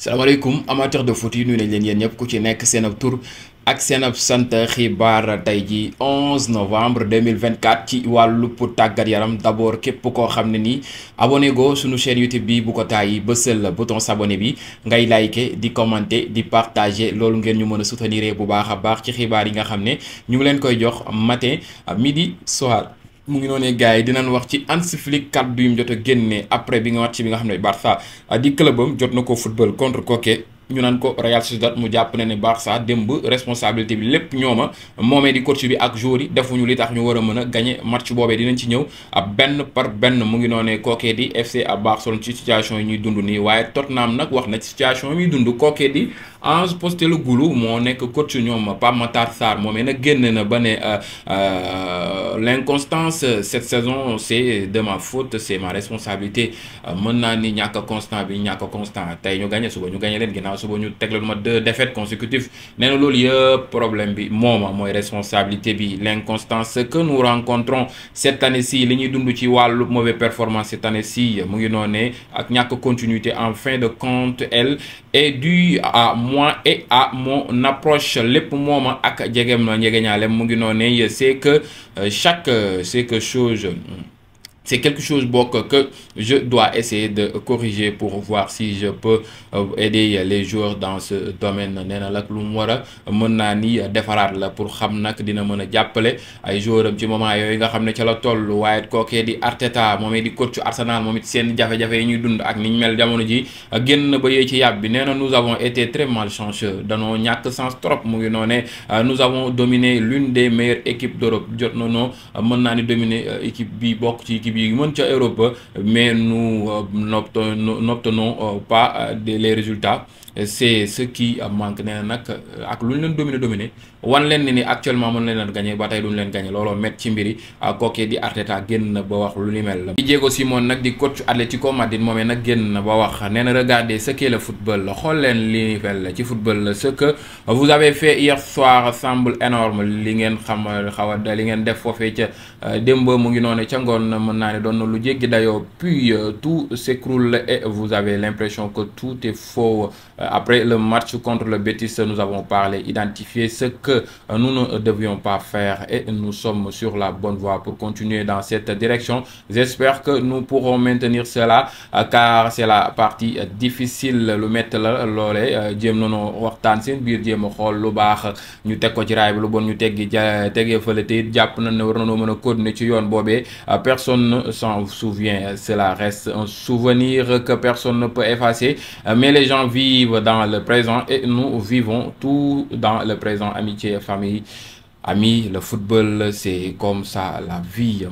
salaamaaleykum amateur de foot yi nuyu nañ leen yéen ñëpp ku ci nekk seen ab tur ak seen ab sant xibaar tey ji 11 novembre 2024 ci wàllub tàggat yaram d'abord képp koo xam ne nii abonné go suñu chaîne YouTube bi bu ko tàyyi la bouton s'abonner bi ngay like di commenter di partager loolu ngeen ñu mën a soutenir bu baax a baax ci xibaar yi nga xam ne ñu ngi leen koy jox matin midi soir. mu ngi noonee gars yi dinañ wax ci Hansi Flick kàddu yu mu jot a génnee après bi nga match bi nga xam ne Barça ah, di clubam jot na ko football contre Koke. ñu naan ko Real Sociedad mu jàpp ne ne Barça démb responsabilité bi lépp ñooma moomee di coach bi ak joueur yi defuñu litax ñu war a mën a gagné match boobee dinañ ci ñëw ab ah, benn par benn mu ngi noonee kookee di FC à Barcelone ci situation yi ñuy dund nii waaye Tottenham nag wax na ci situation yi ñuy dund kookee di Ange Postecoglou moo nekk coach ñoom Pape Matar Sarr moom nag génn na ba ne euh, euh, l'inconstance euh, cette saison c'est dema ma faute c'est ma responsabilité mën naa ni ñàkk constant bi ñàkk constant tey ñu gagné suba ñu gagné leen ginnaaw suba ñu teg leen ma deux défaites consécutives nee na loolu yëpp problème bi mooma mooy responsabilité bi l'inconstance que nous rencontrons cette année-ci li ñuy dund ci wàllu mauvaise performance cette année-ci mu ngi noonee ak ñàkk continuité en fin de compte et dû à moi a à mon approche lépp moom ak jegeem na njegeñaale mu ngi noonu ne c'est que euh, chaque euh, c'est que chose hmm. c'est quelque chose bokk que je dois essayer de corriger pour voir si je peux euh, aider les jour dans ce domaine nee na nag lu mu war a mën naa ni defaraat la pour xam nag dina mën a jàppale ay joueurs am ci moment yooyu nga xam ne ca la toll waaye kookee di Arteta moom it di coach Arsenal moom it seen jafe-jafe yi ñuy dund ak niñ mel jamono ji génn ba yee ci yàb bi nee na nous avons été très malchanceux danoo ñàkk sens trop mu ngi noonee euh, nous avons dominé l'une des meilleures équipes jot na noo euh, mën naa ni dominer équipe bokk ci équipe yu mën ca Europe mais nous euh, n'obtenons euh, pas euh, les résultats c'est ce qui manque nee na nag ak lu ñu leen dominer dominer wan leen ne ni actuellement mën leen leen gagné ba tey duñ leen gagné looloo métti ci mbiri kookee di Arteta génn na ba wax lu ni mel la di Diego Simone nag di coach Atlético Madrid moomee nag génn na ba wax nee na regardez ce qu'est le football xool leen li ni mel ci football ce que vous avez fait hier soir semble énorme li ngeen xam xaw li ngeen def foofee euh, démb mu ngi noonu ca ngoon mën naa ne doon na lu jéggi dayoo puis euh, tout s'écroule la vous avez l'impression que tout est faux Euh, après le match contre le Betis, nous avons parlé, identifié ce que euh, nous ne devions pas faire et nous sommes sur la bonne voie pour continuer dans cette direction. J'espère que nous pourrons maintenir cela euh, car c'est la partie difficile lu métti la loolee jéem nañoo waxtaan seen biir jéem a xool lu baax ñu teg ko ci raay bi lu bon ñu teggi ja tegee fële te it jàpp nañ ne war nañoo mën a continuer ci yoon boobee personne ne s'en souvient cela reste un souvenir que personne ne peut vivent dans le présent et nous vivons tout dans le présent amitié famille Amis, le football, c'est comme ça la vie.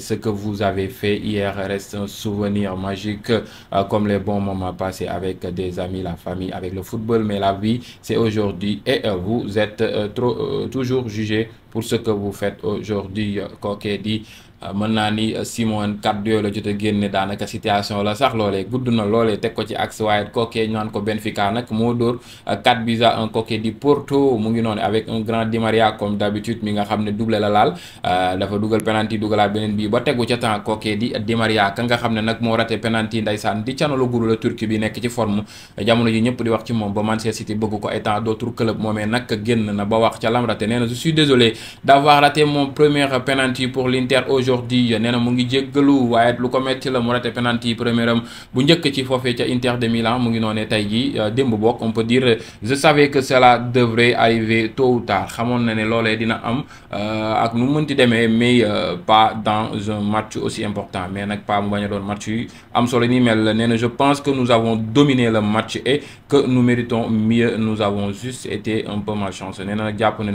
Ce que vous avez fait hier reste un souvenir magique, euh, comme les bons moments passés avec des amis, la famille, avec le football. Mais la vie, c'est aujourd'hui et euh, vous êtes euh, trop, euh, toujours jugé pour ce que vous faites aujourd'hui. Coquet euh, dit Euh, mën naa ni euh, Simon kàddu yooyu la jot a génne daanaka situation la sax loolee gudd na loolee teg ko ci axe waaye naan ko Benfica nag moo dóor 4 euh, buts à 1 kookee di Di Maria ka nga xam ne nag moo raté penalty ndaysaan di canalo guru la Turquie bi nekk ci forme jamono ji ñëpp di wax ci moom ba Manchester City bëgg ko et tant d'autres clubs moomee nag génn na ba wax ca lam raté nee na je suis désolé d'avoir raté mon premier pour l'Inter aujourd'hui aujourd'hui nee na mu ngi jéggalu waaye lu ko metti la mu raté penalty premier bu njëkk ci foofee ca Inter de Milan mu ngi noonee tey jii euh, démb bokk on peut dire je savais que cela devrait arriver tôt ou tard xamoon na ne loole dina am euh, ak nu mu mënti demee mais euh, pas dans un match aussi important mais nag pas mu bañ a doon match yu am solo ni mel nee je pense que nous avons dominé le match et que nous méritons mieux nous avons juste été un peu malchanceux nee na jàpp na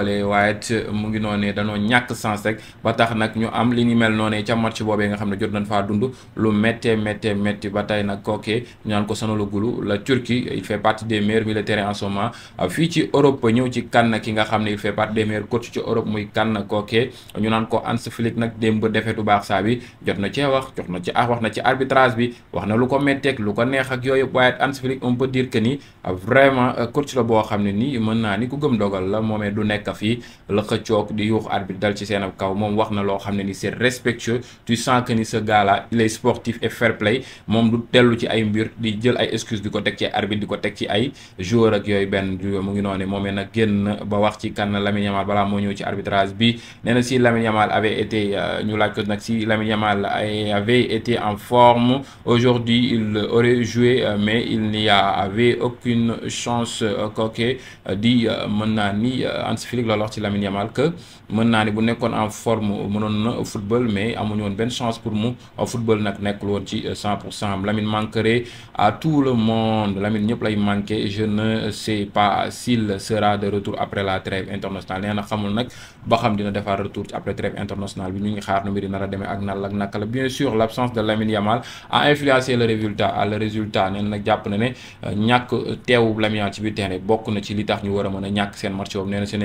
ne mu ngi noonee danoo ñàkk sens rek ba tax nag ñu am li ñu mel noonee ca match boobee nga xam ne jot nañ faa dund lu méttee méttee métti ba tey nag kookee ñu naan ko Sanaloglu la Turquie il fait partie des meilleurs militaires en ce moment euh, fii ci Europe ñëw ci kan ki nga xam ne il fait partie des meilleurs coach ci Europe muy kan kookee ñu naan ko Hans Flick nag dem démb defetu baax saa bi jot na cee wax jot na ci ah wax na ci arbitrage bi wax na lu ko métteeg lu ko neex ak yooyu waaye Hans Flick on peut dire que ni euh, vraiment euh, coach la boo xam ne nii mën naa ni ku gëm dogal la moomee du nekk fii toog di yuux arbitre dal ci seen kaw moom wax na loo xam ne ni c'est respectueux tu sens que ni ce gars là sportif et fair play moom du tellu ci ay mbir di jël ay excuse di ko teg ci arbitre di ko teg ci ay joueur ak yooyu benn mu ngi noonu moomee na génn ba wax ci kan Lamine Yamal balaa moo ñëw ci arbitrage bi nee na si Lamine Yamal avait été euh, ñu laaj ko nag si Lamine Yamal avait été en forme aujourd'hui il aurait joué euh, mais il n'y avait aucune chance euh, di mën naa ni que mën naa ni bu nekkoon en forme mënoon na football mais amuñu woon benn chance pour mu football nag nekkul woon ci 100 pour cent Lamine manquerait à tout le monde Lamine ñëpp lay manqué je ne sais pas s'il sera de retour après la trêve internationale nee na xamul nag ba xam dina defar retour après trêve internationale bi ñu ngi xaar nu mbiri nar a demee ak nal ak naka la bien sûr l' absence de Lamine Yamal a influencé le résultat na nag jàpp na ne euh, ñàkk teewu Lamine Yamal ci biir terrain bokk na ci li tax ñu war a mën a ñàkk seen match boobu nee na ce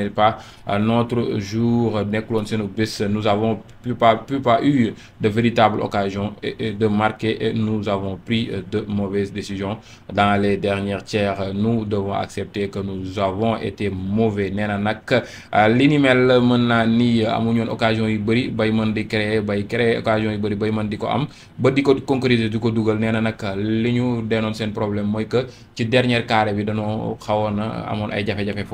jour nekkuloon seenu bés nous avons plus pas plus pas eu de véritables occasions et de marqué et nous avons pris de mauvaises décision dans les dernières tiers nous devons accepter que nous avons été mauvais nee na nag euh, li ni mel mën naa ni amuñoon occasion yu bëri bay mën di créer bay créer occasion yu bëri bay mën di ko am ba di ko concrétiser di ko dugal nee na nag li ñu denoon seen problème mooy que ci dernier carré bi dañoo xawoon amoon ay jafe-jafe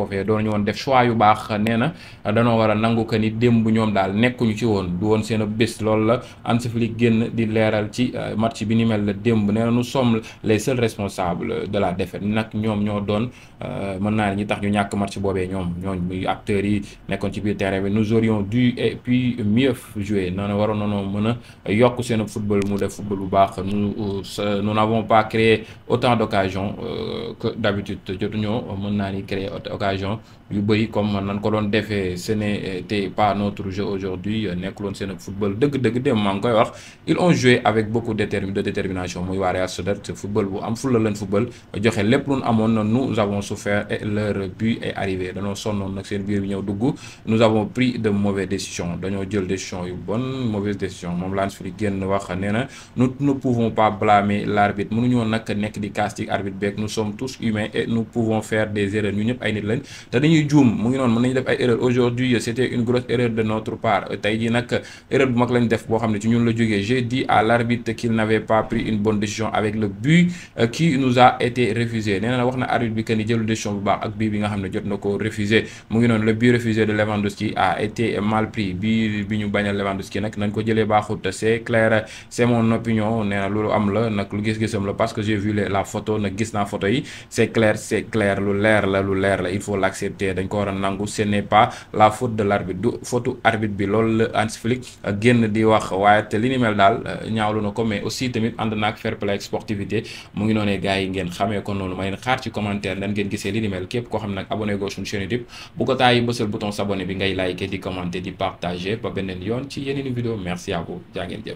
dañoo war a nangu que ni démb ñoom daal nekkuñu ci woon du woon seen bés loolu la Hansi génn di leeral ci euh, match bi ni mel la démb nee na nous sommes les seuls responsables de la défaite nag ñoom ñoo doon euh, mën naa ñi tax ñu ñàkk match boobee ñoom ñooñu muy acteurs yi nekkoon ci biir terrain bi nous aurions du et puis mieux jouer noonu waroon nañoo mën a yokk seen football mu def football bu baax nous euh, nous n'avons pas créé autant d'occasions que d'habitude jotuñoo mën naa ni créer occasion yu bëri comme nan ko doon defee seen n'était eh, pas notre jeu aujourd'hui eh, nekkul woon seen football dëgg-dëgg dem maa ngi koy wax ils ont joué avec beaucoup de de détermination muy waa Real Sociedad football bu am fulla leen football joxe lépp lu amoon nag seen biir bi ñëw dugg nous avons pris de mauvaises décisions dañoo jël décision yu bonne mauvaise décision moom laan fi génn wax nee na nous ne pouvons pas blâmer l'arbitre mënuñoo nag nekk di castig arbitre beeg nous sommes tous humains dit c'était une grosse erreur de notre part tey jii nag erreur bu mag lañ def boo xam ne ci ñun la jógee j'ai dit à l'arbitre qu'il n'avait pas pris une bonne décision avec le but euh, qui nous a été refusé nee na wax na arbitre bi que ni jëlu décision bu baax ak bii bi nga xam ne jot na ko refusé mu ngi noonu le but refusé de Lewandowski a été mal pris bii bi ñu bañal Lewandowski nag nañ ko jëlee baaxut c'est clair c'est mon opinion nee na loolu am la nag lu gis-gisam la parce que j'ai vu la photo nag gis naa photo yi lu leer la lu leer la il faut l'accepter dañ ko war a faute de l' du faute arbitre bi loolu la Hans Flick génn di wax waaye te li daal euh, ñaawlu ko mais aussi tamit ànd na ak fair play ak mu ngi noonee gars yi ngeen xamee ko noonu ma xaar ci commentaire dan ngeen gisee li képp koo xam nag abonné goo suñu chaîne YouTube bu ko taay yi bësal bouton bi ngay liker di commenter di partager ba beneen yoon ci yeneen vidéo merci à vous jaa